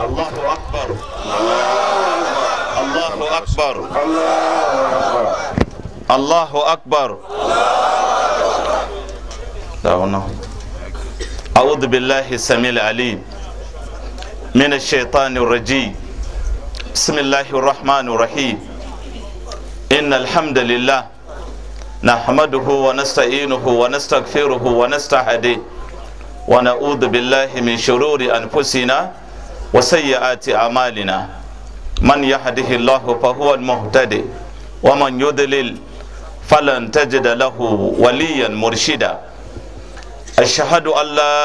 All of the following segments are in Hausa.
الله أكبر الله أكبر الله أكبر الله اكبر نعم. أعوذ بالله السميع العليم من الشيطان الرجيم بسم الله الرحمن الرحيم إن الحمد لله نحمده ونستعينه ونستغفره ونستهديه ونعوذ بالله من شرور أنفسنا وسيئات أعمالنا من يهده الله فهو المهتدي ومن يضلل فلن تجد له وليا مرشدا أشهد أن لا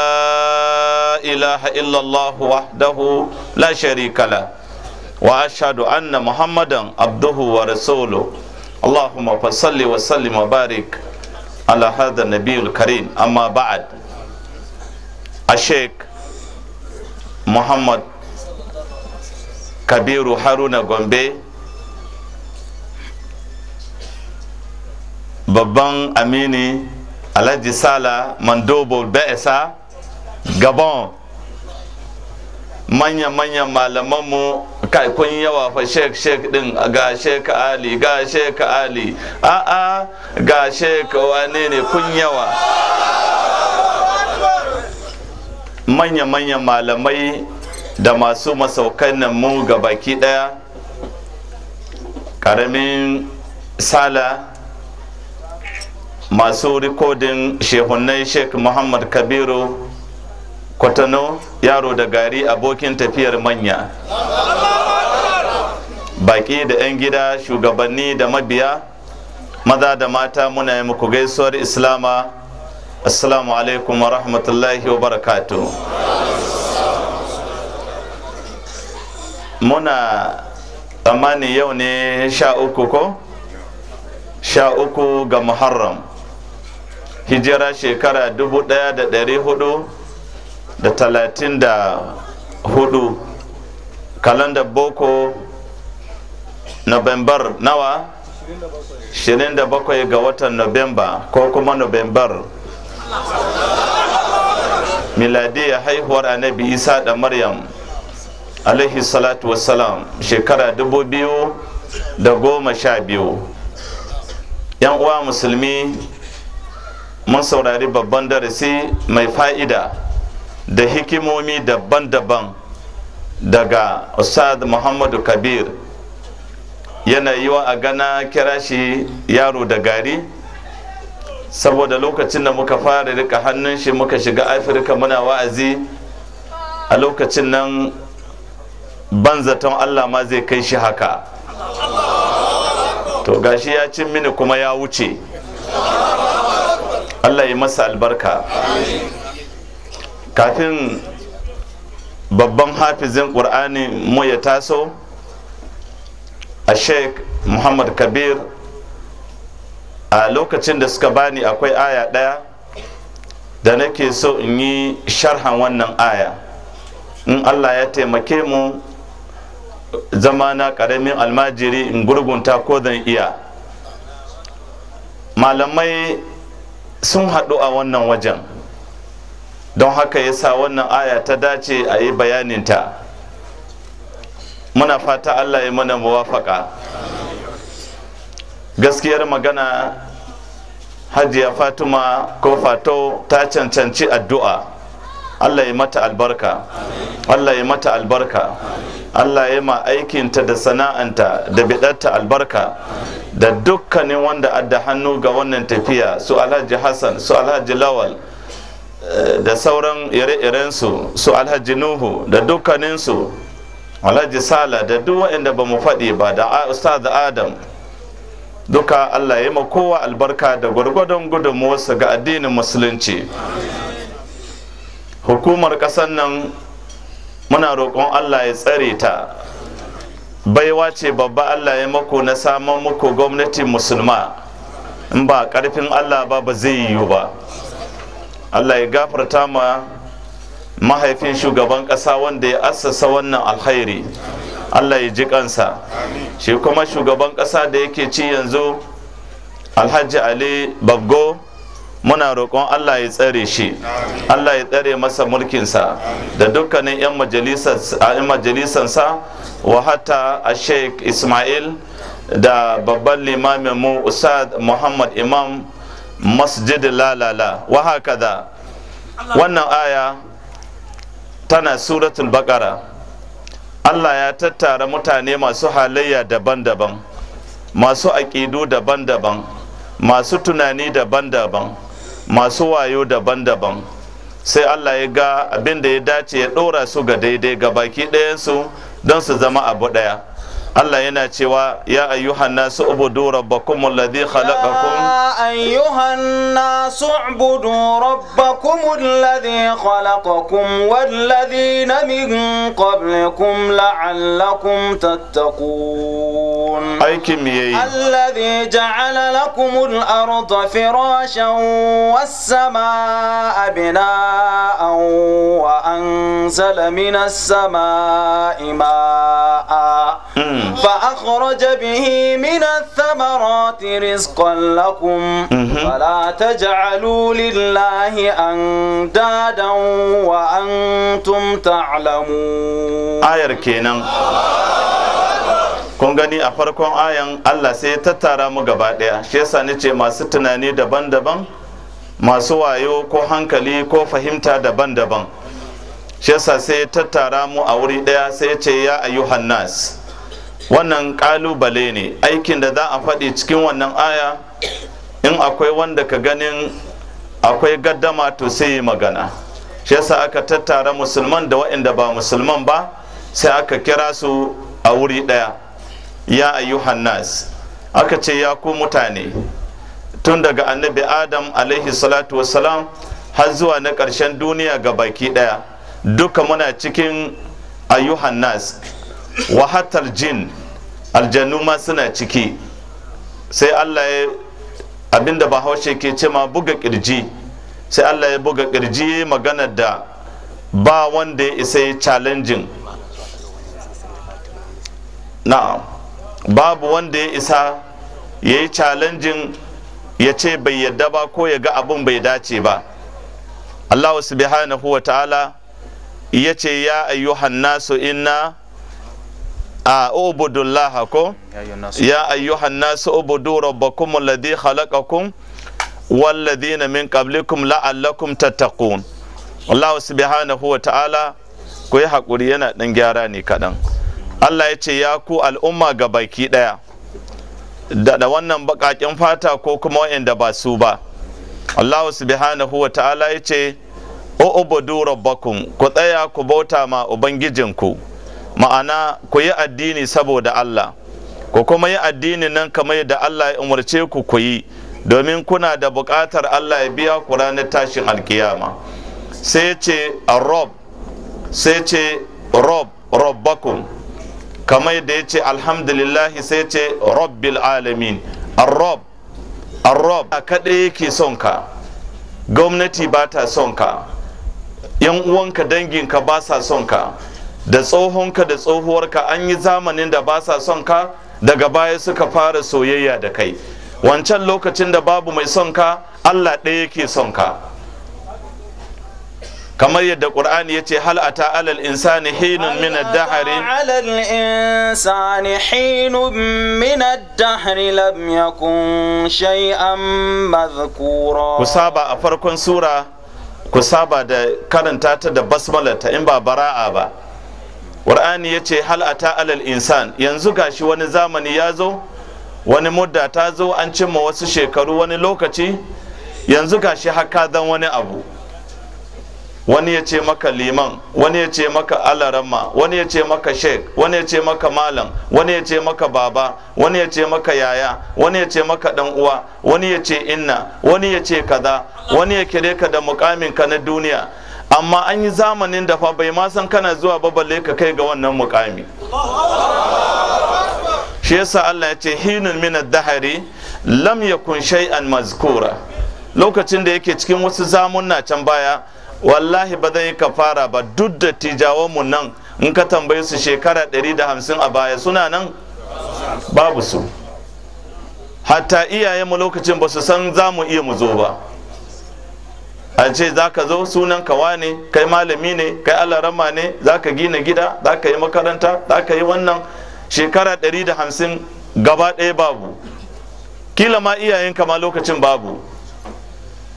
إله إلا الله وحده لا شريك له وأشهد أن محمدا عبده ورسوله اللهم فصل وسلم وبارك على هذا النبي الكريم أما بعد الشيخ محمد kabiru haruna gombe babban amini alhaji sala mandobo ba'isa gabon manya manya malamanmu kai kun yawa fa sheik sheik din ga sheik ali ga sheik ali a'a ga sheik wane ne kun yawa manya manya malamai da masu masaukan nan mu ga baki daya karamin sala masu rikodin shehunai sheikh muhammad kabiru kwatano yaro da gari abokin tafiyar manya baki da 'yan gida shugabanni da mabiya maza da mata muna yi muku gaisuwar islama assalamu alaikum wa rahmatullahi wa barakatu. muna tsammanin yau ne sha uku ko sha uku ga muharram hijira shekara dubu daya da dari hudu da talatin da hudu kalanda boko novembar nawa 27 ga watan novemba ko kuma novembar ya haihuwar annabi isa da maryam alaihi salatu wassalam shekara dubu biyu da goma sha biyu yan uwa musulmi mun saurari babban darasi mai fa'ida da hikimomi daban-daban daga ustad muhammadu kabir yana yi wa a gana kira shi yaro da gari saboda lokacin da muka fara rika hannun shi muka shiga afirka muna wa'azi a lokacin nan ban zaton Allah ma zai kai shi haka to gashi ya cin mini kuma ya wuce Allah ya masa albarka kafin babban hafizin ƙur'ani mu ya taso a sheikh muhammad kabir a lokacin da suka bani akwai aya ɗaya da nake so in yi sharhan wannan aya in allah ya taimake mu zama na karamin almajiri in gurgunta ko zan iya malamai sun haɗu a wannan wajen don haka ya sa wannan aya ta dace a yi bayaninta muna fata allah ya mana muwafaka gaskiyar magana hajiya fatima ko fato ta cancanci addu'a allah ya mata albarka allah ya mata albarka Allah ya ma aikinta da sana'anta da bidatta albarka da dukkanin wanda adda hannu ga wannan tafiya su alhaji hassan su alhaji lawal eh, da sauran ire-irensu su alhaji nuhu da dukkaninsu alhaji sala da duk waɗanda ba mu faɗi ba da ustaz adam duka allah ya ma kowa albarka da gwargwadon wasu ga addinin musulunci hukumar ƙasar nan muna roƙon allah ya tsare ta baiwa ce babba allah ya mako na saman muku gwamnati musulma in ba ƙarfin allah ba ba zai yiwu ba allah ya gafarta ma mahaifin shugaban ƙasa wanda ya assasa wannan alkhairi allah ya ji kansa shi kuma shugaban ƙasa da yake ci yanzu alhaji ali babgo muna roƙon Allah ya tsare shi Allah ya tsare masa mulkinsa da dukkanin 'yan majalisansa wa hatta a sheik Ismail da babban limamin mu Usad Muhammad Imam Masjid Lalala wa haka wannan aya tana suratul bakara Allah ya tattara mutane masu halayya daban-daban masu aƙidu daban-daban masu tunani daban-daban masu wayo daban-daban sai allah ya ga abin da ya dace ya ɗora su ga daidai ga baki ɗayan su, don su zama abu ɗaya Allah yana cewa ya ayyuhan nasu ubudu rabbakum alladhi khalaqakum ya ayyuhan nasu ubudu rabbakum alladhi khalaqakum walladhina min qablikum la'allakum tattaqun aikin me yayi alladhi ja'ala lakum al-ardha firashan was-samaa'a binaa'an wa anzala minas samaa'i maa'an hmm. فأخرج به من الثمرات رزقا لكم فلا تجعلوا لله أندادا وأنتم تعلمون آير كينا kun gani a farkon ayan Allah sai ya tattara mu gaba ɗaya shi yasa nace masu tunani daban-daban masu wayo ko hankali ko fahimta daban-daban shi yasa sai ya tattara mu a wuri ɗaya sai ya ce ya ayyuhan nas wannan kalubale ne aikin da za a faɗi cikin wannan aya in akwai wanda ka ganin akwai gaddama to sai yi magana shi yasa aka tattara musulman da waɗanda ba musulman ba sai aka kira su a wuri ɗaya ya ayu hannas aka ce ya ku mutane tun daga annabi adam alaihi salatu wasalam har zuwa na ƙarshen duniya ga baki ɗaya duka muna cikin ayu yuhannas. Wahatar jin aljannu ma suna ciki sai allah ya abinda bahaushe ke ce ma buga kirji sai allah ya buga kirji magana da ba wanda ya isa ya challenging na babu wanda ya isa ya yi challenging ya ce bai yadda ba ko ya ga abun bai dace ba allahu subhanahu wa ta'ala ya ce ya ayyuhan nasu inna a ubudullaha ko ya ayyuhan nasu ubudu rabbakum alladhi khalaqakum walladhina min qablikum la'allakum tattaqun Allah subhanahu ku yi haƙuri yana ɗan gyara ne kaɗan Allah ya ce ya ku al'umma ga baki ɗaya da wannan baƙaƙen fata ko kuma waɗanda ba su ba Allah subhanahu wa ta'ala ya ce ubudu rabbakum ku tsaya ku bauta ma ubangijinku ma'ana ku yi addini saboda Allah ku kuma yi addini nan kamar da Allah ya umarce ku ku yi domin kuna da buƙatar Allah ya biya ku ranar tashin alkiyama sai ce rob sai ce rob rabbakum kamar da ya ce alhamdulillahi sai ce rabbil alamin rob rob. a kaɗai yake son ka gwamnati ba ta son ka yan uwanka danginka ba sa son ka da tsohonka da tsohuwarka an yi zamanin da ba sa son ka daga baya suka fara soyayya da kai wancan lokacin da babu mai son ka allah ɗaya yake son ka kamar yadda ya yace hal a alal insani hinun min dahari dahri alal insani hinun ku saba a farkon sura ku saba da karanta ta da basmala ta in ba bara'a ba qur'ani ya ce hal ata alal insan yanzu gashi wani zamani ya zo wani mudda ta zo an cimma wasu shekaru wani lokaci yanzu gashi haka dan wani abu wani ya ce maka liman wani ya ce maka alarama wani ya ce maka sheik wani ya ce maka malam wani ya ce maka baba wani ya ce maka yaya wani ya ce maka dan uwa wani ya ce inna wani ya ce kaza wani ya kire ka da mukamin ka na duniya amma an yi zamanin da fa bai ma san kana zuwa ba balle ka kai ga wannan mukami shi yasa Allah ya ce hinun min ad-dahri lam yakun shay'an mazkura lokacin da yake cikin wasu zamunna can baya wallahi ba zai fara ba duk da tijawanmu nan in ka tambaye su shekara 150 a baya suna nan babu su hatta iyayenmu lokacin ba su san zamu iya mu zo ba an ce za ka zo sunan kawa ne kai malami ne kai alarama ne za ka gina gida za ka yi makaranta za ka yi wannan shekara 150 gaba ɗaya babu kila ma iyayenka ma lokacin babu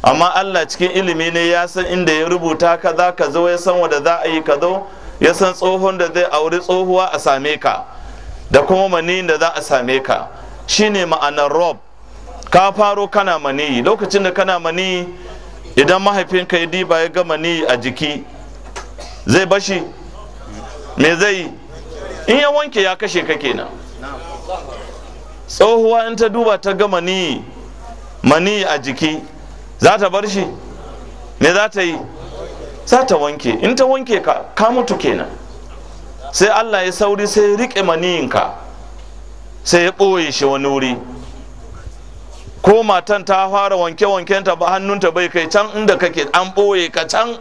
amma allah cikin ilimi ne ya san inda ya rubuta ka za ka zo ya san wanda za a yi ka zo ya san tsohon da zai auri tsohuwa a same ka da kuma mani da za a same ka shine ma'anar rob ka faro kana maniyi lokacin da kana maniyi idan mahaifinka ya diba ya gama ni a jiki zai bashi me zai yi in ya wanke ya kashe ka kenan tsohuwa in ta duba ta gama ni mani a jiki za ta bar shi me za ta yi za ta wanke in ta wanke ka ka mutu kenan sai allah ya sauri sai ya riƙe maniyinka sai ya ɓoye shi wani wuri ko matan ta fara wanke-wankenta ba hannunta bai kai can inda kake an ɓoye ka can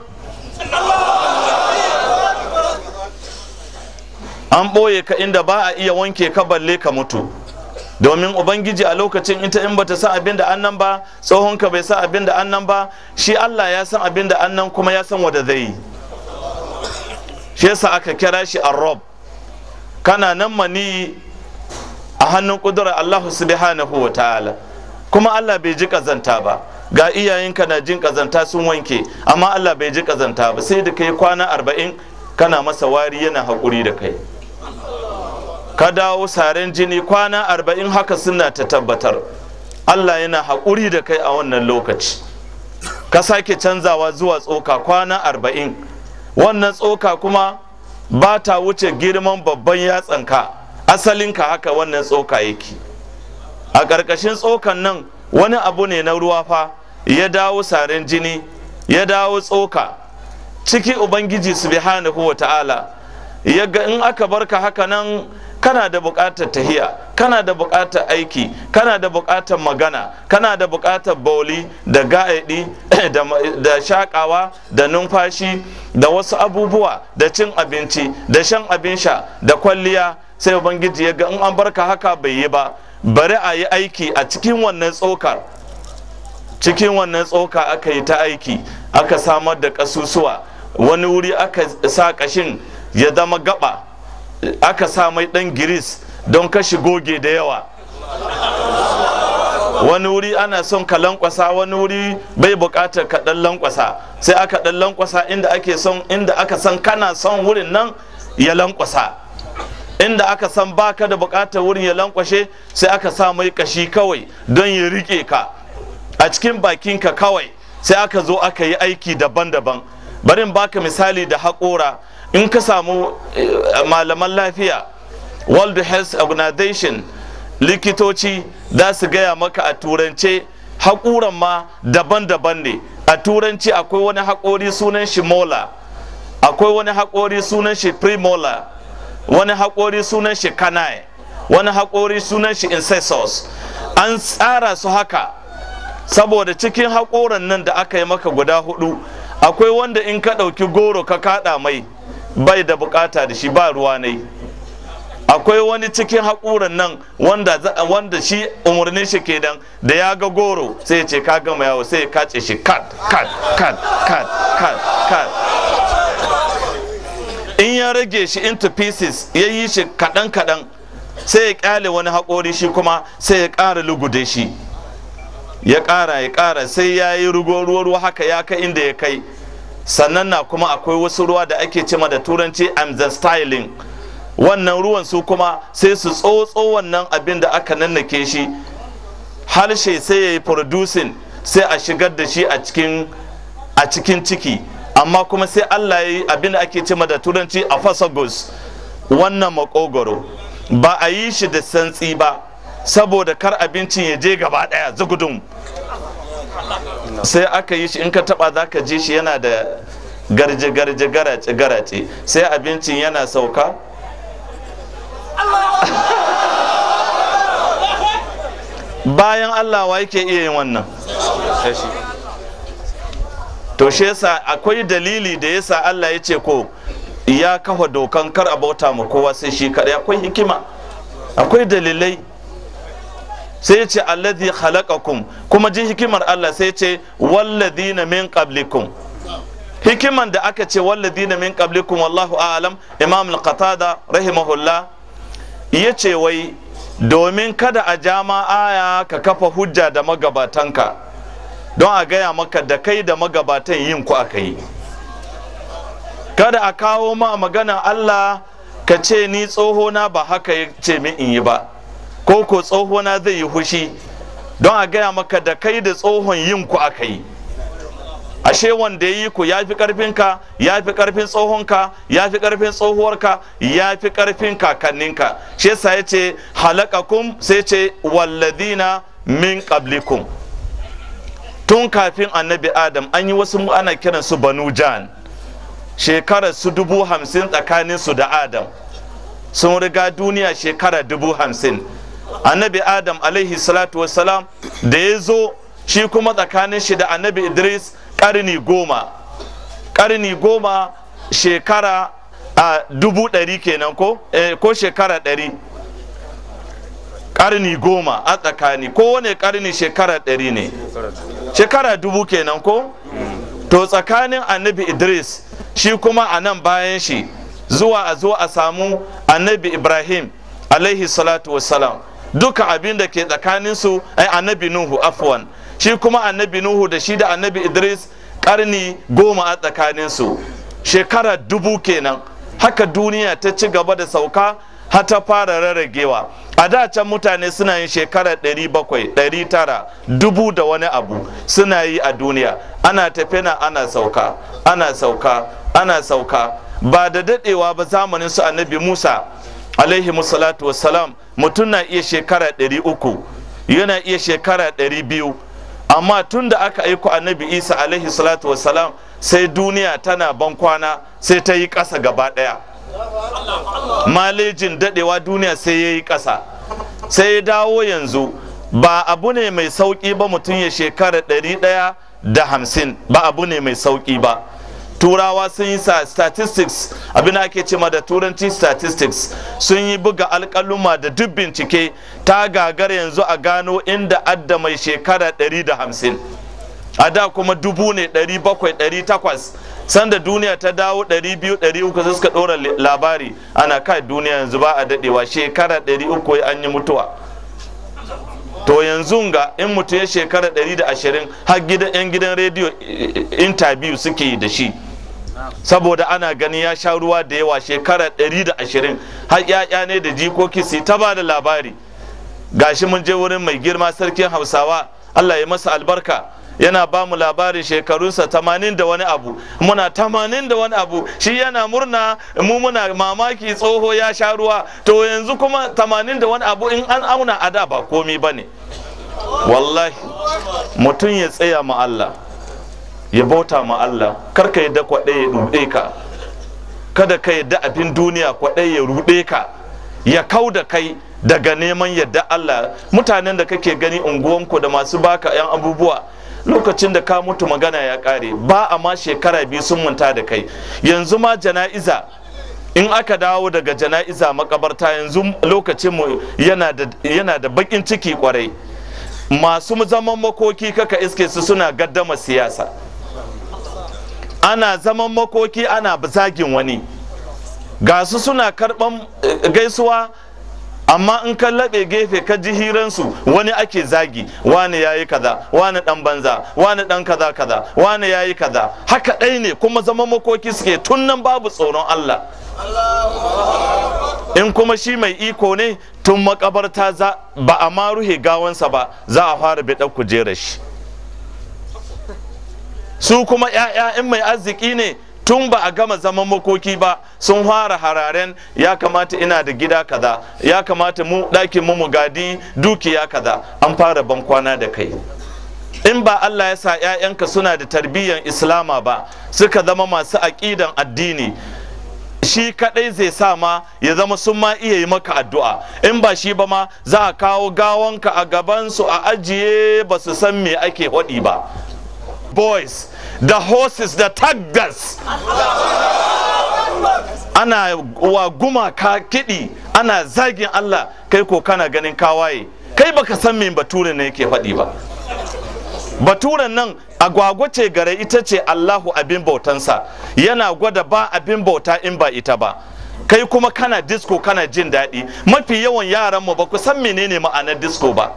an ɓoye ka inda ba a iya wanke ka balle ka mutu domin ubangiji a lokacin ita in bata san abin da annan ba tsohonka bai san abin da annan ba shi allah ya san abin da annan kuma ya san wanda zai yi shi yasa aka kira shi rob kana nan mani a hannun kudura allahu subhanahu wa ta'ala kuma Allah bai ji kazanta ba ga iyayenka na jin kazanta sun wanke amma Allah bai ji kazanta ba sai da kai kwana arba'in kana masa wari yana haƙuri da kai ka dawo saren jini kwana arba'in haka suna ta tabbatar Allah yana haƙuri da kai a wannan lokaci ka sake canzawa zuwa tsoka kwana arba'in wannan tsoka kuma ba ta wuce girman babban yatsanka asalinka haka wannan tsoka yake a ƙarƙashin tsokan nan wani abu ne na ruwa fa ya dawo sarin jini ya dawo tsoka ciki ubangiji subhanahu wa ta'ala ya ga in aka barka haka nan kana da buƙatar tahiya kana da buƙatar aiki kana da buƙatar magana kana da buƙatar bauli da ga'aɗi da shaƙawa da numfashi da wasu abubuwa da cin abinci da shan abin sha da kwalliya sai ubangiji ya ga in an barka haka bai yi ba bari a yi aiki a cikin wannan tsokar cikin wannan tsoka aka yi ta aiki aka samar da ƙasusuwa wani wuri aka sa kashin ya zama gaba aka sa mai ɗan giris don kashi goge da yawa wani wuri ana son ka lankwasa wani wuri bai buƙatar ka ɗan lankwasa sai aka ɗan lankwasa inda ake son inda aka san kana son wurin nan ya lankwasa inda aka san baka da bukatar wurin ya lankwashe sai aka sa mai kashi kawai don ya rike ka a cikin bakinka kawai sai aka zo aka yi aiki daban-daban bari in baka misali da haƙora in ka samu eh, malaman lafiya world health organization likitoci za su gaya maka a turance haƙuran ma daban-daban ne a turanci akwai wani haƙori sunan shi mola akwai wani haƙori sunan shi premolar wani haƙori sunan shi kanai wani haƙori sunan shi incessors an tsara su haka saboda cikin haƙoran nan da aka yi maka guda hudu akwai wanda in ka ɗauki goro ka kaɗa mai bai da bukata da shi ba ruwa ne akwai wani cikin haƙoran nan wanda, wanda shi umarnin shi kenan da ya ga goro sai ya ce ka gama yawo sai ya kace shi kat kat kat kat kat kat ya rage shi into pieces ya yi shi kaɗan kaɗan sai ya ƙyale wani haƙori shi kuma sai ya ƙara lugude shi ya ƙara ya ƙara sai ya yi rugo ruwa haka ya kai inda ya kai sannan na kuma akwai wasu ruwa da ake cima da turanci the styling wannan ruwan su kuma sai su tsotso wannan abin da aka nannake shi harshe sai ya yi producing sai a shigar da shi a cikin ciki amma kuma sai Allah ya yi abin da ake cima da turanci a fasagos wannan makogoro ba a yi shi da santsi ba saboda kar abincin ya je gaba daya zugudun sai aka yi shi in ka taba za ka ji shi yana da garje garje garace garace sai abincin yana sauka bayan Allah wa yake iya yin wannan to shi yasa akwai dalili da yasa Allah ya ce ko ya kafa dokan kar a bauta ma kowa sai shi kadai akwai hikima akwai dalilai sai ce khalaka khalaqakum kuma ji hikimar Allah sai ce walladina min qablikum hikiman da aka ce walladina min qablikum wallahu a'lam imam al-qatada rahimahullah yace wai domin kada a jama aya ka kafa hujja da magabatanka don a gaya maka da kai da magabatan yin ku aka yi kada a kawo ma magana Allah ka ce ni tsoho na ba haka ya ce min in yi ba ko ko tsoho na zai yi hushi don a gaya maka da kai da tsohon yin ku aka yi ashe wanda ya yi ku ya fi ƙarfinka ya fi ƙarfin tsohonka ya fi ƙarfin tsohuwarka ya fi ƙarfin kakanninka shi yasa ya ce halakakum sai ce walladina min qablikum tun kafin annabi adam an yi wasu ana kiransu banu jan shekarar su dubu hamsin tsakanin su da adam sun riga duniya shekara dubu hamsin annabi adam alaihi salatu wasalam da ya zo shi kuma tsakanin shi da annabi idris karni goma Karni goma shekara a dubu ɗari kenan ko eh, ko shekara ɗari karni goma a tsakani ko wane karni shekara ɗari ne shekara dubu kenan ko to tsakanin annabi idris shi kuma a nan bayan shi zuwa a zo a samu annabi ibrahim alaihi salatu wassalam duka abin da ke tsakaninsu ai annabi nuhu afwan shi kuma annabi nuhu da shi da annabi idris karni goma a tsakaninsu shekara dubu kenan haka duniya ta ci gaba da sauka Hata fara rarragewa a da can mutane suna yin shekara 700 dubu da wani abu suna yi a duniya ana tafina ana sauka ana sauka ana sauka ba da dadewa ba zamanin su annabi musa alaihi musallatu wassalam mutum na iya shekara 300 yana iya shekara 200 amma tun da aka aiko annabi isa alaihi salatu wassalam sai duniya tana ban kwana sai ta yi ƙasa gaba ɗaya malejin dadewa duniya sai ya yi ƙasa sai ya dawo yanzu ba abu ne mai sauƙi ba mutum ya shekara ɗari ɗaya da hamsin ba abu ne mai sauƙi ba turawa sun yi statistics abin da ake cima da turanci statistics sun yi buga alkaluma da duk bincike ta gagar yanzu a gano inda adda mai shekara ɗari da hamsin a da kuma dubu ne ɗari bakwai ɗari takwas sanda duniya ta dawo 200-300 suka ɗora labari ana kai duniya yanzu ba a daɗewa shekara 300 an yi mutuwa to yanzu ga in mutu ya shekara 120 har yan gidan rediyo interview suke da shi saboda ana gani ya sha ruwa da yawa shekara 120 har ya'ya ne da jikoki su ta ba da labari gashi mun je wurin mai girma sarkin hausawa allah ya masa albarka yana ba mu labarin shekarunsa tamanin da wani abu muna tamanin da wani abu shi yana murna mu muna mamaki tsoho ya sha ruwa to yanzu kuma tamanin da wani abu in an auna a da ba komi ba ne wallahi mutum ya tsaya ma Allah ya bauta ma Allah karka yadda kwaɗe ya ruɗe ka kada ka yadda abin duniya kwaɗe ya ruɗe ka ya kau da kai daga neman yadda Allah mutanen da kake gani unguwanku da masu baka 'yan abubuwa lokacin da ka mutu magana ya kare ba a ma shekara biyu sun manta da kai yanzu ma jana'iza in aka dawo daga jana'iza makabarta yanzu lokacin mu yana da bakin ciki kwarai masu zaman makoki kaka iske su suna gaddama siyasa ana zaman makoki ana zagin wani Gasu suna karban eh, gaisuwa amma in ka laɓe gefe ka ji hiransu wani ake zagi wani ya yi kaza wani ɗan banza wani ɗan kaza kaza wani ya yi kaza haka ɗai ne kuma zama makoki suke tun nan babu tsoron Allah in kuma shi mai iko ne tun makabarta ba a ma ruhe gawansa ba za a fara ɗan kujerar shi su kuma 'ya'ya in mai arziki ne tun ba a gama zaman makoki ba sun fara hararen ya kamata ina da gida kaza ya kamata mu ɗakin mu gadi dukiya kaza an fara bankwana da kai in ba Allah ya sa ƴaƴanka suna da tarbiyyar islama ba suka zama masu aƙidan addini shi kadai zai sa ma ya zama sun ma iya yi maka addu'a in ba shi ba ma za a kawo gawanka a gabansu a ajiye ba su san me ake waɗi ba boys The horses da taggas ana wa gumaka kiɗi ana zagin Allah kai ko kana ganin kawaye kai baka san me bature ne yake faɗi ba baturen nan agwagwa ce gare ita ce Allahu abin bautansa yana gwada ba abin bauta in ba ita ba kai kuma kana disco kana jin daɗi mafi yawan yaran mu ba ku san menene ma'anar disco ba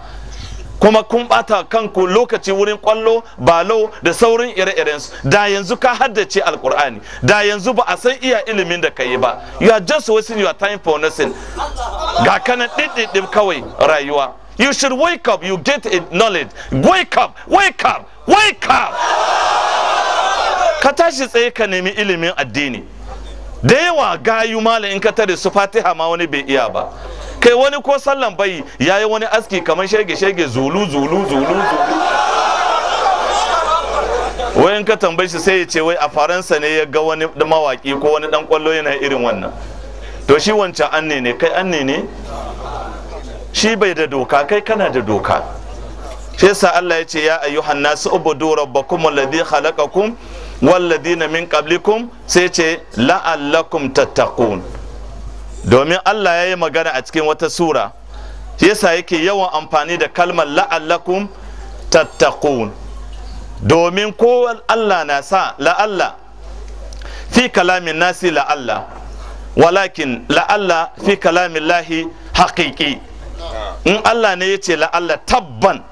kuma kun bata kanku lokaci wurin kwallo balo da saurin ire-irensu da yanzu ka haddace alkur'ani da yanzu ba a san iya ilimin da ka yi ba you are just wasting your time for nothing ga kanan ɗin kawai rayuwa you should wake up you get a knowledge wake up wake up wake up ka tashi tsaye ka nemi ilimin addini da yawa gayu malam in ka tare su fatiha ma wani bai iya ba kai wani ko sallan bai ya yi wani aski kamar shege shege zulu zulu zulu zulu wai ka tambayi shi sai ya ce wai a faransa ne ya ga wani mawaki ko wani dan kwallo yana irin wannan to shi wancan anne ne kai anne ne shi bai da doka kai kana da doka shi yasa Allah ya ce ya ayyuhan nasu ubudu rabbakum alladhi khalaqakum walladhina min qablikum sai ce la'allakum tattaqun domin Allah ya yi magana a cikin wata sura yasa yake yawan amfani da kalmar la'allakum tattaqun domin ko Allah na sa la'alla fi kalamin nasi la'alla walakin la'alla fi kalamin lahi haƙiƙi in Allah ne ya ce la'alla tabban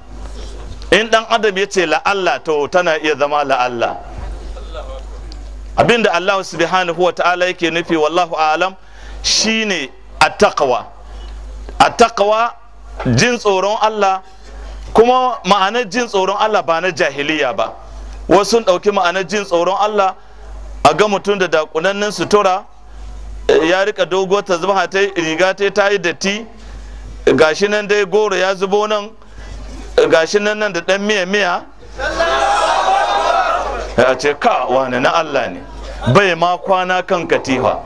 in ɗan adam ya ce la'alla to tana iya zama la'alla abinda Allah subhanahu wa ta'ala yake nufi wallahu alam shine attaqwa attaqwa jin tsoron Allah kuma ma'anar jin tsoron Allah ba na jahiliya ba wasu sun ɗauki ma'anar jin tsoron Allah a ga mutum da dakunannen sutura ya rika dogo ta zuba ta riga ta ta yi datti gashi nan dai goro ya zubo nan gashi nan nan da ɗan miya miya ya ce ka wane na Allah ne bai ma kwana kan katifa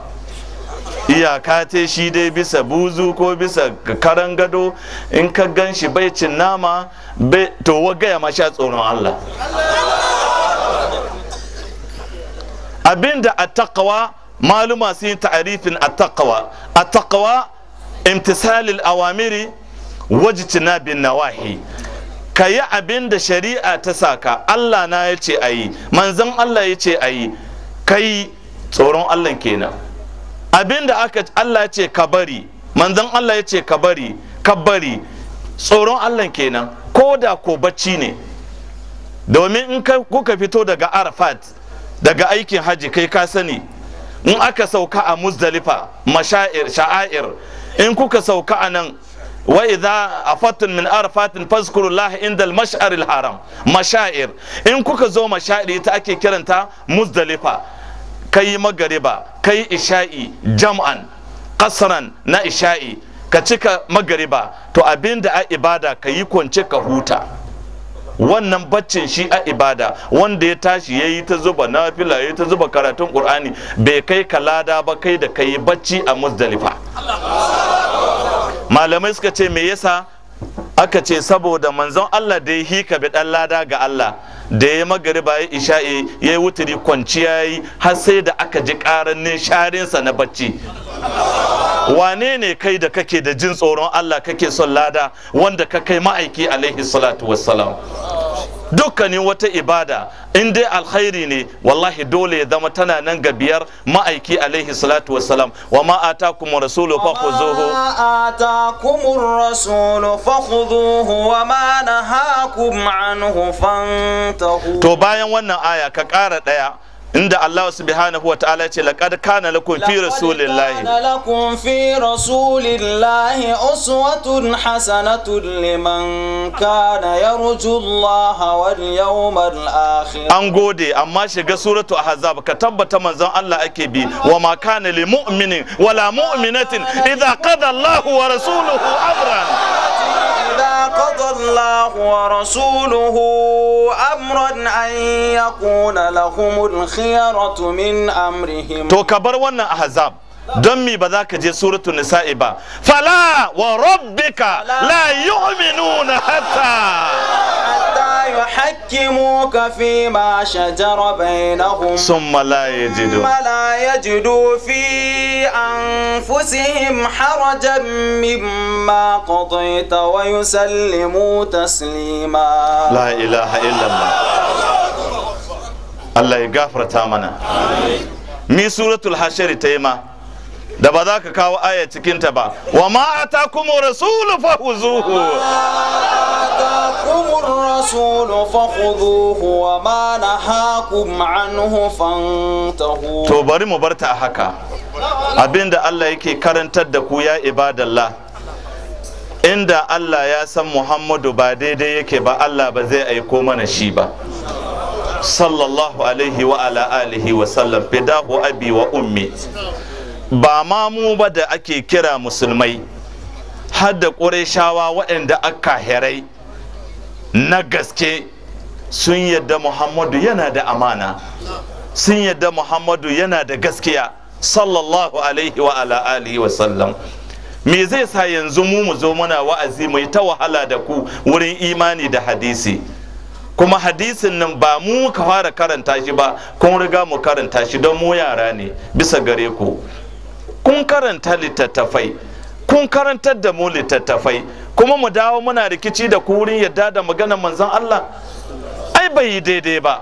iyaka shi dai bisa buzu ko bisa karan gado in ka gan shi bai cin nama to gaya ma sha tsoron Allah abinda a takawa maluma sun yi ta'arifin a a takawa imtisalil awamiri waji bin nawahi ka yi abin da shari'a ta saka Allah na ya ce a yi manzon Allah ya ce a yi ka yi tsoron Allah kenan abinda aka Allah ya ce ka bari manzon Allah ya ce ka bari ka bari tsoron Allah kenan ko da ko bacci ne domin in kuka fito daga arafat daga aikin haji kai ka sani in aka sauka a muzdalifa masha'ir sha'air in kuka sauka a nan wa idza afatun min arafatin fazkurullah inda al masharil haram mashair in kuka zo mashair ita ake kiranta muzdalifa kai magariba kai isha'i jam'an kasaran na isha'i ka cika magariba to abin da a ibada ka yi kwance ka huta wannan baccin shi a ibada wanda ya tashi ya yi ta zuba fila ya yi ta zuba karatun ƙur'ani bai kai ka lada ba kai da ka yi bacci a muzdalifa malamai suka ce me yasa aka ce saboda manzon Allah da ya hika bi dan lada ga Allah da ya magariba ya isha'i ya yi wuturi kwanciya yi har sai da aka ji karan sharinsa na bacci wane ne kai da kake da jin tsoron Allah kake son lada wanda ka kai ma'aiki alaihi salatu wassalam dukkanin wata ibada in dai alkhairi ne wallahi dole ya zama tana nan ga biyar ma'aiki alaihi salatu wassalam wa ma atakum rasulu fa khuzuhu atakum rasulu fa khuzuhu wa ma nahakum anhu fantahu to bayan wannan aya ka ƙara ɗaya inda Allah subhanahu wa ta'ala ce laqad kana lakum fi rasulillahi laqad lakum fi rasulillahi uswatun hasanatun liman kana yarju Allah wal yawmal akhir an gode amma shiga suratu ahzab ka tabbata manzon Allah ake bi wa ma kana lil mu'minin wala mu'minatin idza qada Allah wa rasuluhu amran الله ورسوله أمرا أن يكون لهم الخيرة من أمرهم تو كبر وانا أحزاب don mi ba za ka je suratu nisa'i ba fala wa rabbika la yu'minuna ويحكموك فيما شجر بينهم ثم لا يجدوا ثم لا يجدوا في أنفسهم حرجا مما قضيت ويسلموا تسليما لا إله إلا الله الله يغفر تامنا مي سورة الحشر تيما da ba za ka kawo aya cikinta ba wa ma kuma rasulu fa huzuhu wa to bari mu barta a haka abinda Allah yake karantar da ku ya ibadallah inda Allah ya san Muhammadu ba daidai yake ba Allah ba zai aiko mana shi ba sallallahu alaihi wa ala alihi wa sallam fidahu abi wa ummi ba ma mu ba da ake kira musulmai har da ƙurashawa waɗanda aka herai na gaske sun yadda muhammadu yana da amana sun yadda muhammadu yana da gaskiya sallallahu alaihi wa ala wa sallam me zai sa yanzu mu mu zo muna wa'azi mai ta wahala da ku wurin imani da hadisi kuma hadisin nan ba mu ka fara karanta shi ba kun riga mu karanta shi don mu yara ne bisa gare ku kun karanta littattafai kun karantar da mu littattafai kuma mu dawo muna rikici da ku wurin yadda da maganar manzon Allah ai bai yi daidai ba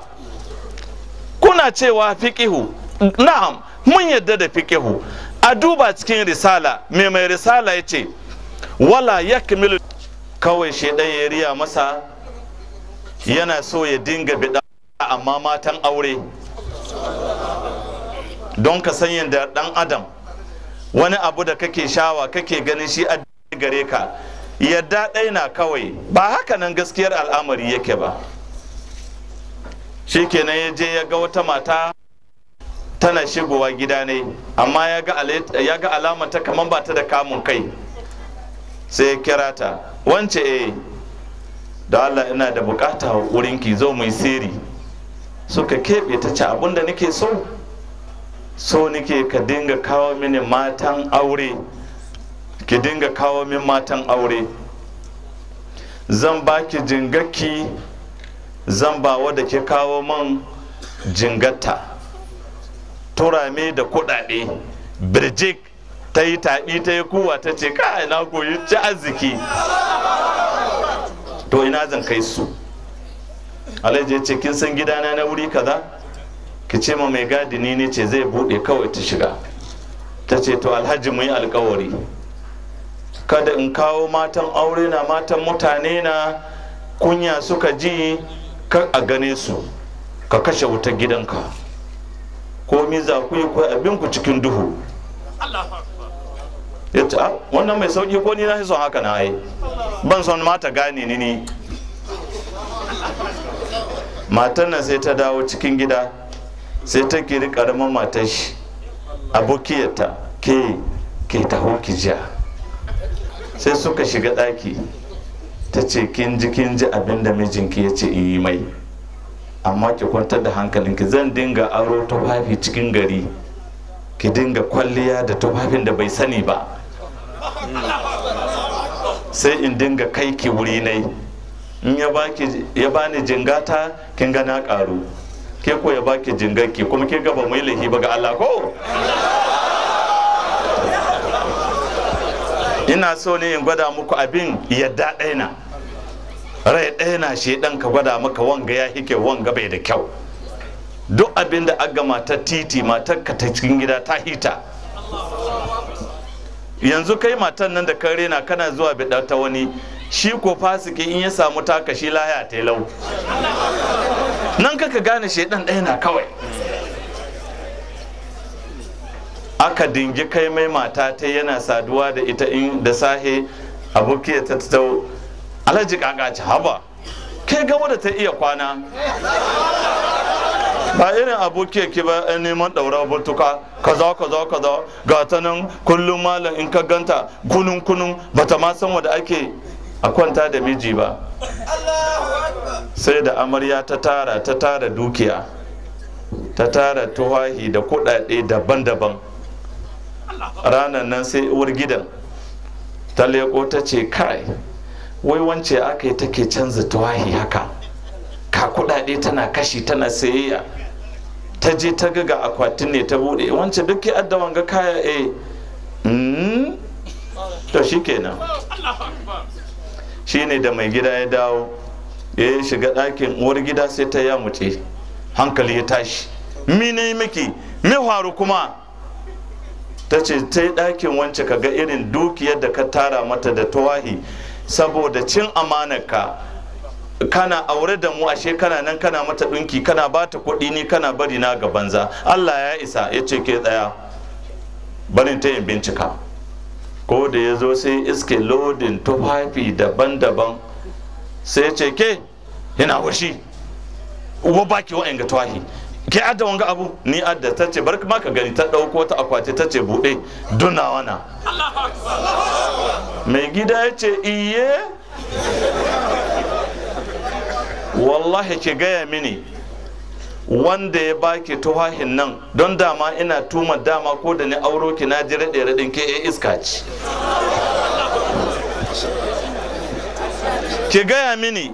kuna cewa fiqihu na'am mun yadda da fiqihu a duba cikin risala mai mai risala ya ce wala yakmilu kawai shedan ya riya masa yana so ya dinga bida amma matan aure don ka san yadda dan adam wani abu da kake shawa kake ganin shi a gare ka yadda ɗai na kawai ba haka nan gaskiyar al'amari yake ba shikenan ya je ya ga wata mata tana shigowa gida ne amma ya ga alama ta kamar ba ta da kamun kai sai ya kira ta wance eh da Allah ina da bukata wurinki zo mai siri suka keɓe ta ci abinda nake so so nike ka dinga kawo mini matan aure ki dinga kawo min matan aure zan ba ki jingakki zan ba wadda ki kawo man jingata turame da kudade birjik ta yi taɓi ta yi kuwa ta ce ka na goyi ci arziki to ina zan kai su alaije ce kin san gidana na wuri kaza ki ce ma mai gadi ni ne ce zai buɗe kawai ta shiga ta ce to alhaji mu yi alkawari kada in kawo matan aure na matan mutane na kunya suka ji kar a gane su ka kashe wuta gidanka mi za ku yi abin ku cikin duhu ya ce ah, wannan mai sauki ko ni na son haka na ai ban son mata gane ni ni matan nan sai ta dawo cikin gida sai ta giri karamin matar shi abokiyarta ke ke taho ki jiya sai suka shiga ɗaki ta ce kin ji kin ji abin mijinki ya ce in yi mai amma ki kwantar da hankalinki zan dinga aro tufafi cikin gari ki dinga kwalliya da tufafin da bai sani ba sai in dinga kai ki wuri nai in ya bani jingata kin ga na ƙaru ke ko ya baki jinganki kuma ke gaba mai lahi ba ga Allah ko ina so ne in gwada muku abin yadda ɗaya na rai ɗaya na shi ɗan ka gwada maka wanga ya hike wanga bai da kyau duk abin da aga mata titi matar ka ta cikin gida ta hita yanzu kai matan nan da kan rena kana zuwa biɗa ta wani shi ko fasiki in ya samu taka shi laya telau nan kaka gane shaidan ɗaya na kawai aka dingi kai mai mata ta yana saduwa da ita in da sahe abokiya ta tau alhaji kakaci haba ke gama da ta iya kwana ba irin abokiya ke ba yan neman ɗaura burtuka kaza kaza kaza ga ta nan kullum malam in ka ganta kunun kunun bata ma san wanda ake a kwanta da miji ba sai da amarya ta tara ta tara dukiya ta tara tuwahi da kudade daban-daban ranar nan sai uwar gidan ta leko ta ce kai wai wance aka yi take canza tuwahi haka ka kudade tana kashi tana sayayya ta je ta ga akwatin ne ta bude wance duk adda wanga kaya e to shi ne da mai gida ya dawo ya shiga ɗakin uwar gida sai ta ya muce hankali ya tashi mi ne miki mi faru kuma ta ce ta yi ɗakin wance ka ga irin dukiyar da ka tara mata da tawahi saboda cin amanarka kana aure da mu ashe kana nan kana mata ɗinki kana ba ta kuɗi ni kana bari na ga banza allah ya isa ya ce ke tsaya barin ta yin bincika ko da ya zo sai iske lodin tufafi daban-daban sai ce ke yana washi uba baki wa'in ga tuwahi ke adda wanga abu ni adda ta ce bar ka gani ta dauko ta akwati ta ce buɗe duna wana mai gida ya ce iye wallahi ki gaya mini wanda ya baki tuwahin nan don dama ina tuma dama ko da ni auro ki na ji raɗe-raɗin ke eh, iska ce ki gaya mini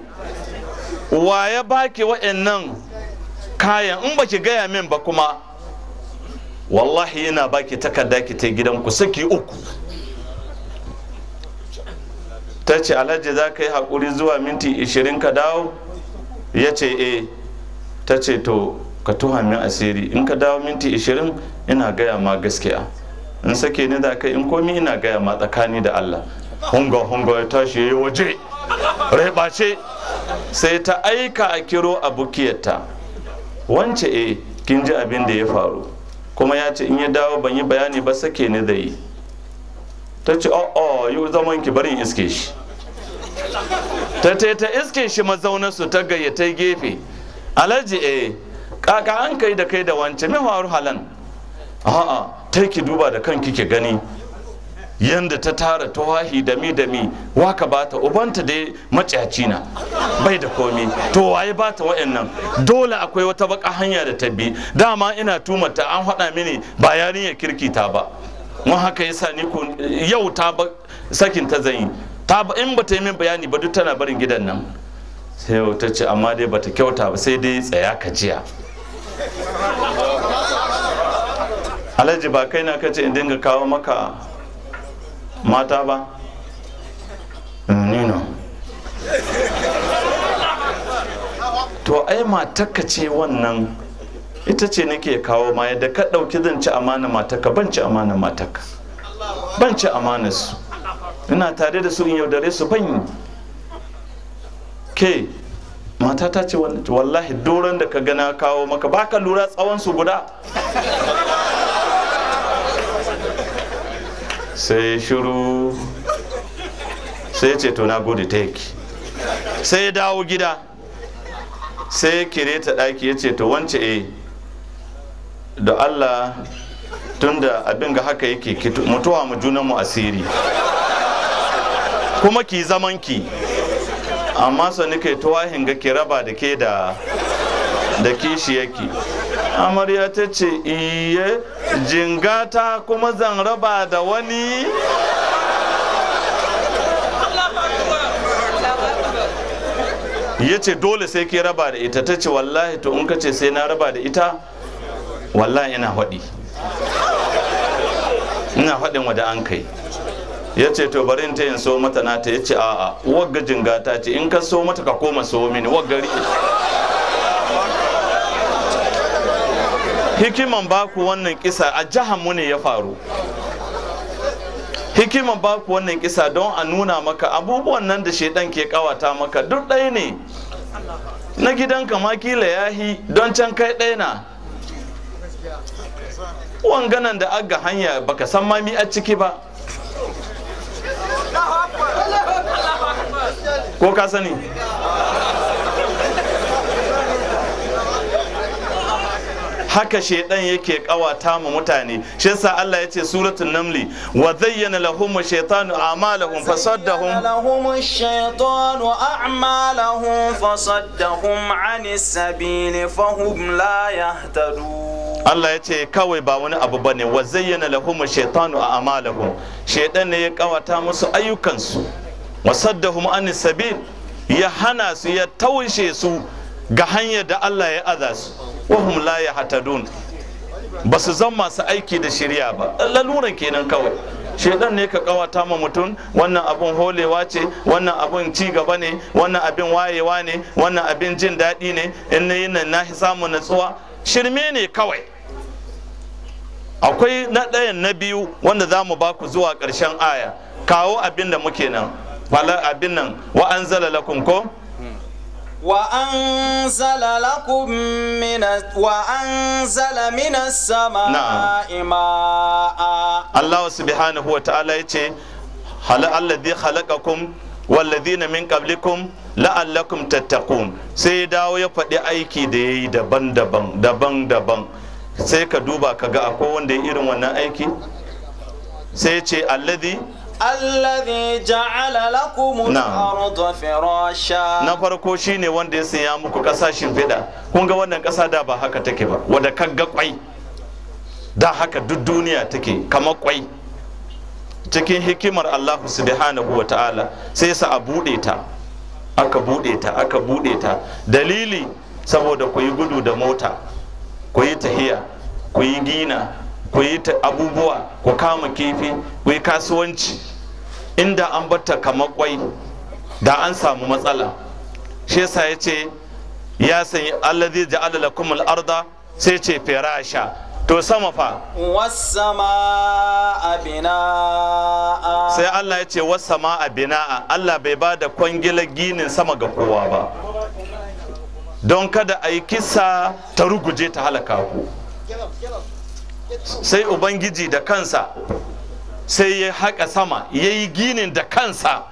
wa ya baki wa'annan kayan in ba ki gaya min ba kuma wallahi yana baki takarda ki ta gidanku saki uku ta ce alhaji za ka yi haƙuri zuwa minti 20 ka dawo ya ce e ta ce to ka tuha min asiri in ka dawo minti 20 ina gaya ma gaskiya in sake ni da kai in komi ina gaya ma tsakani da allah hunga hunga ya tashi ya yi waje rahibashe sai ta aika a kiro a bukiyarta wance e kin ji abin da ya faru kuma ya ce in ya dawo ban yi bayani ba sake ni da yi ta ce o'o oh, oh, yi zaman ki barin iske shi ta ce ta iske shi su ta gayyata gefe alaji e eh, kaka an kai da kai da wance min faru halan a'a ta ki duba da kanki ki gani yanda ta tara tuwahi da dami waka bata ubanta dai maciyaci na bai da komi to waye bata wayannan dole akwai wata baka hanya da tabbi dama ina tumata an haɗa mini ba kirki kirkita ba mun haka yasa ni ko yau ta ba sakin ta zan ta in bata yi min bayani ba duk tana barin gidan nan sai ta ce amma dai bata kyauta ba sai dai tsaya ka jiya alhaji ba kai na kace in dinga kawo maka mata ba mm, nino to ai mataka ce wannan ita ce nake kawo ma yadda ka ɗauki zan ci amana mataka ban ci amana mataka ban ci amana su ina tare da su in yaudare su ban ke mata ta ce wallahi doron da ka gana kawo maka baka lura tsawon su guda sai shiru sai ce to na gode take sai ya dawo gida sai ya kire ta ɗaki ya ce to wance e da allah tunda abin ga haka yake mutuwa mu junan mu asiri kuma ki zaman ki amma sani kai tuwahin ga ki raba da ke da da kishi yake amarya ta ce iye jingata kuma zan raba da wani ya ce dole sai ke raba da ita ta ce wallahi to in ka ce sai na raba da ita wallahi ina haɗi ina haɗin wada an kai ya ce to bari in ta yin so mata ta ya ce a'a wagga jingata ce in ka so mata ka koma so mini wagga rike hikiman baku wannan kisa a jihar mu ne ya faru hikiman baku wannan kisa don a nuna maka abubuwan nan da shedan ke kawata maka duk ɗaya ne na gidanka ma kila yahi don can kai ɗaya na wanganan da aga hanya baka san mami a ciki ba ko ka sani haka shaidan yake kawata mu mutane shi yasa Allah yace suratul namli wa zayyana lahum shaytanu a'malahum fasaddahum lahum shaytanu a'malahum fasaddahum 'anis sabili fahum la yahtadun Allah yace kawai ba wani abu bane wa zayyana lahum shaytanu a amalahum shaytan ne ya kawata musu ayyukansu wasaddahum anis sabil ya hana su ya taushe su ga hanyar da Allah ya aza su wahum la hatadun ba su zan masu aiki da shirya ba laluran kenan kawai shedan ne ka kawata ma mutum wannan abin holewa ce wannan abin ci gaba ne wannan abin wayewa ne wannan abin jin daɗi ne in na nan na samu natsuwa shirme ne kawai akwai na ɗayan na biyu wanda za mu baku zuwa ƙarshen aya kawo abin da muke nan abin nan wa an zala ko وأنزل لكم من وأنزل من السماء ماء الله سبحانه وتعالى يتي هل الذي خلقكم والذين من قبلكم la'allakum tattaqun sai ya dawo ya faɗi aiki da ya yi daban-daban daban-daban sai ka duba ka ga akwai wanda ya irin wannan aiki sai ce alladhi alladhi ja'ala lakum al-ardha firasha na farko shine wanda ya sanya muku kasa fida kun ga wannan kasa da ba haka take ba wanda kan ga kwai da haka duk duniya take kamar kwai cikin hikimar Allah subhanahu wa ta'ala sai sa a ta aka buɗe ta aka buɗe ta dalili saboda ku yi gudu da mota ku yi tahiya ku yi gina ku yi abubuwa ku kama kifi ku yi kasuwanci inda an batta kamar kwai da an samu matsala shi yasa ya ce ya sanyi allazi da alala kuma arda sai ce firasha to sama fa wasama sai Allah ya ce wasama bina'a Allah bai ba da kwangila ginin sama ga kowa ba don kada a yi kisa ta ruguje ta halaka ku sai ubangiji da kansa sai ya haƙa sama ya yi ginin da kansa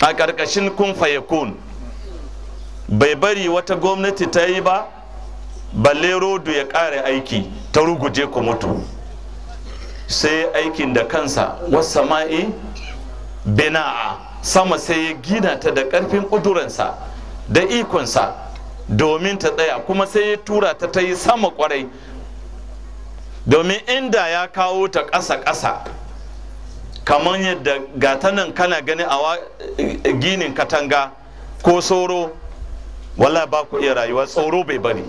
a ƙarƙashin kun fayakun bai bari wata gwamnati ta yi ba balle rodo ya ƙare aiki ta ruguje ku mutu sai aikin da kansa wasu ma'i bina'a sama sai ya gina ta da ƙarfin ƙuduransa da ikonsa domin ta tsaya kuma sai ya tura ta ta yi sama ƙwarai domin inda ya kawo ta ƙasa-ƙasa kamar yadda gata nan kana gani a eh, ginin katanga ko sauro wala ba ku iya rayuwa tsoro bai bari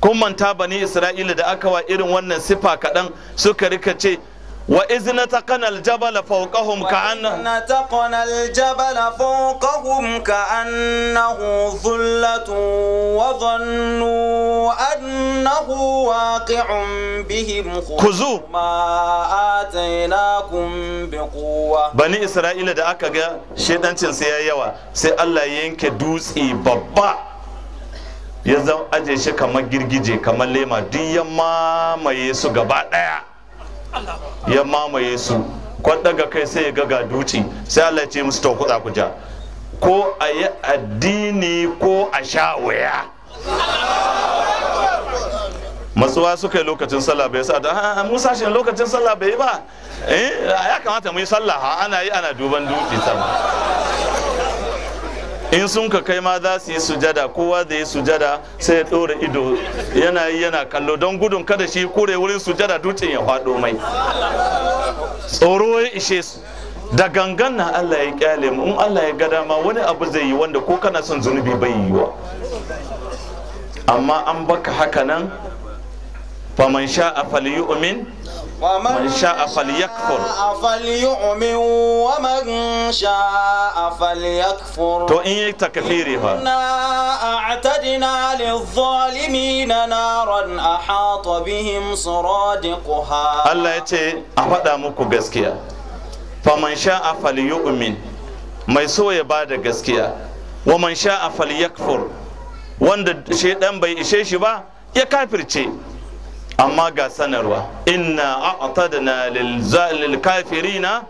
kun manta bani isra'ila da aka wa irin wannan sifa kaɗan suka rika ce وإذ ta الجبل فوقهم كأنه نتقنا na فوقهم zullatu, wa zannu. إنه واقع بهم خذوا ما آتيناكم بقوة بني إسرائيل da aka ga shedancin sai yayi yawa sai Allah ya yanke dutse babba ya zan aje shi kamar girgije kamar lema duk ya mamaye su gaba daya ya mamaye su kwan daga kai sai ya ga dutse sai Allah ce musu to kuɗa ku ja ko a yi addini ko a sha matsuwa suka yi lokacin sallah bai sa da ah, ah, musa shi lokacin sallah bai ba eh, ya kamata mu yi sallah ana yi ana duban dutse sama in sun ka kai ma za su yi sujada kowa zai yi sujada sai ya ɗora ido yana yi yana kallo don gudun kada shi kure wurin sujada dutsen ya faɗo mai tsoro ya ishe su da gangan na Allah ya kyale mu in Allah ya gada ma wani abu zai yi wanda ko kana son zunubi bai yi wa? amma an baka haka nan فمن شاء فليؤمن ومن شاء فليكفر فليؤمن ومن شاء فليكفر تو ان تكفيري فا اعتدنا للظالمين نارا احاط بهم سرادقها الله يتي افدا مكو غسكيا فمن شاء فليؤمن mai سو ya غسكيا ومن شاء فليكفر وند sha'a falyakfur wanda shedan bai ishe shi ba ya amma ga sanarwa inna a'tadna lil kafirina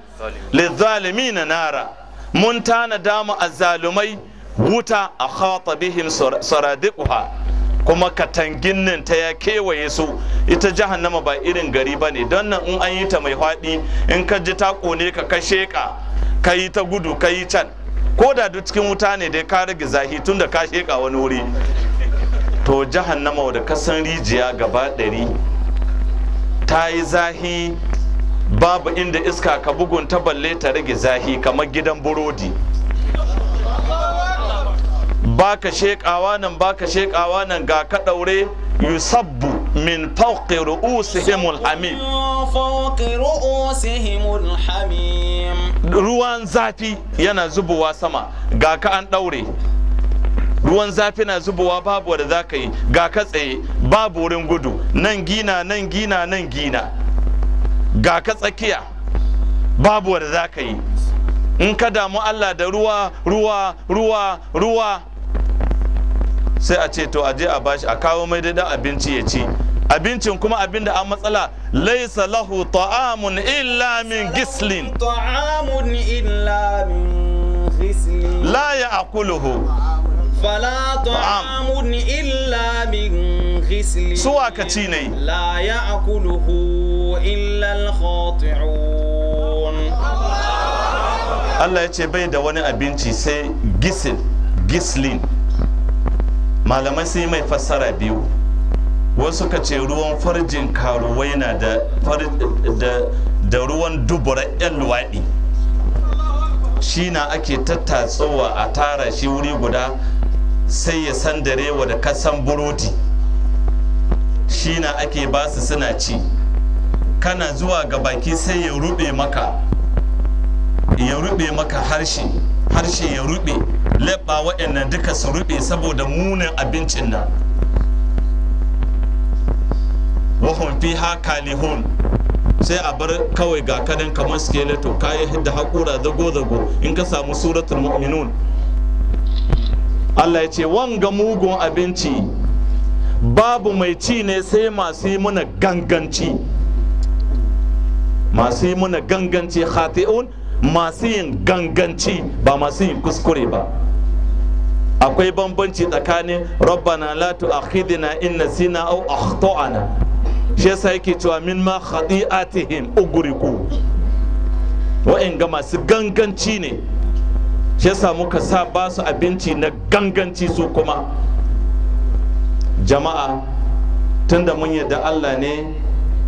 lizalimina nara mun tanada mu azzalumai wuta a khata bihim saradiquha kuma katangin nan ta ya kewaye su ita jahannama ba irin gari ba ne don nan in an yi ta mai haɗi in ka ji ta ƙone ka kashe ka ka yi ta gudu ka yi can ko da duk cikin wuta ne dai ka rage zahi tun da ka sheƙa wani wuri to jahannama da kasan rijiya gaba ɗari ta yi zahi babu inda iska ka bugun ta balle ta rage zahi kamar gidan burodi baka shekawa nan baka shekawa nan ga ka ɗaure yusabbu min fawqi ru'usihimul hamim ruwan zafi yana zubowa sama ga ka an ɗaure ruwan zafi na zubowa babu wanda za ka yi ga ka tsaye babu wurin gudu nan gina nan gina nan gina ga ka tsakiya babu wanda za ka yi in ka damu Allah da ruwa ruwa ruwa ruwa sai a ce to aje a bashi a kawo mai daidai abinci ya ci abincin kuma abin da an matsala laisa lahu ta'amun illa min gislin ta'amun illa min gislin la fala su aka ci Allah ya ce bai da wani abinci sai gisil gislin malamai sun yi mai fassara biyu wasu ka ce ruwan farjin karuwai na da ruwan dubura yan luwaɗi shi na ake tattatsowa a tara shi wuri guda sai ya san wa da kasan burodi shi na ake basu suna ci kana zuwa ga baki sai ya rube maka ya rube maka harshe harshe ya rube leɓa waɗannan duka su rube saboda munin abincin nan wahun fi ha kalihun sai a bar kawai ga kadan kamar skeleton kayan da haƙura zago-zago in ka samu suratul mu'minun Allah ya ce wanga mugun abinci babu mai ci ne sai masu yi muna ganganci masu yi muna ganganci khati'un masu yin ganganci ba masu yin kuskure ba akwai bambanci tsakanin rabbana la tu'akhidna in nasina aw akhtana shi yasa yake cewa min ma khati'atihim ugriku wa'in ga masu ganganci ne shi yasa muka sa ba su abinci na ganganci su kuma jama'a tun da mun yadda allah ne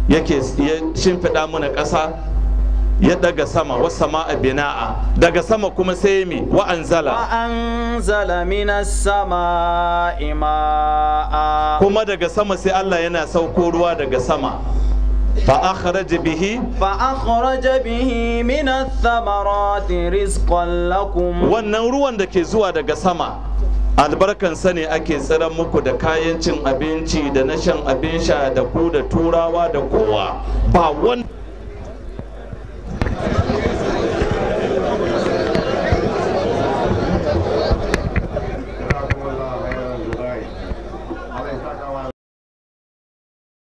yake ya shimfiɗa mana ƙasa ya daga sama wa a bina'a daga sama kuma sai mi wa anzala kuma daga sama sai allah yana sauko ruwa daga sama فأخرج به فأخرج به من الثمرات رزقا لكم wannan ruwan da ke zuwa daga sama albarkan sa ne ake tsiran muku da kayan cin abinci da na shan abin sha da ku da turawa da kowa ba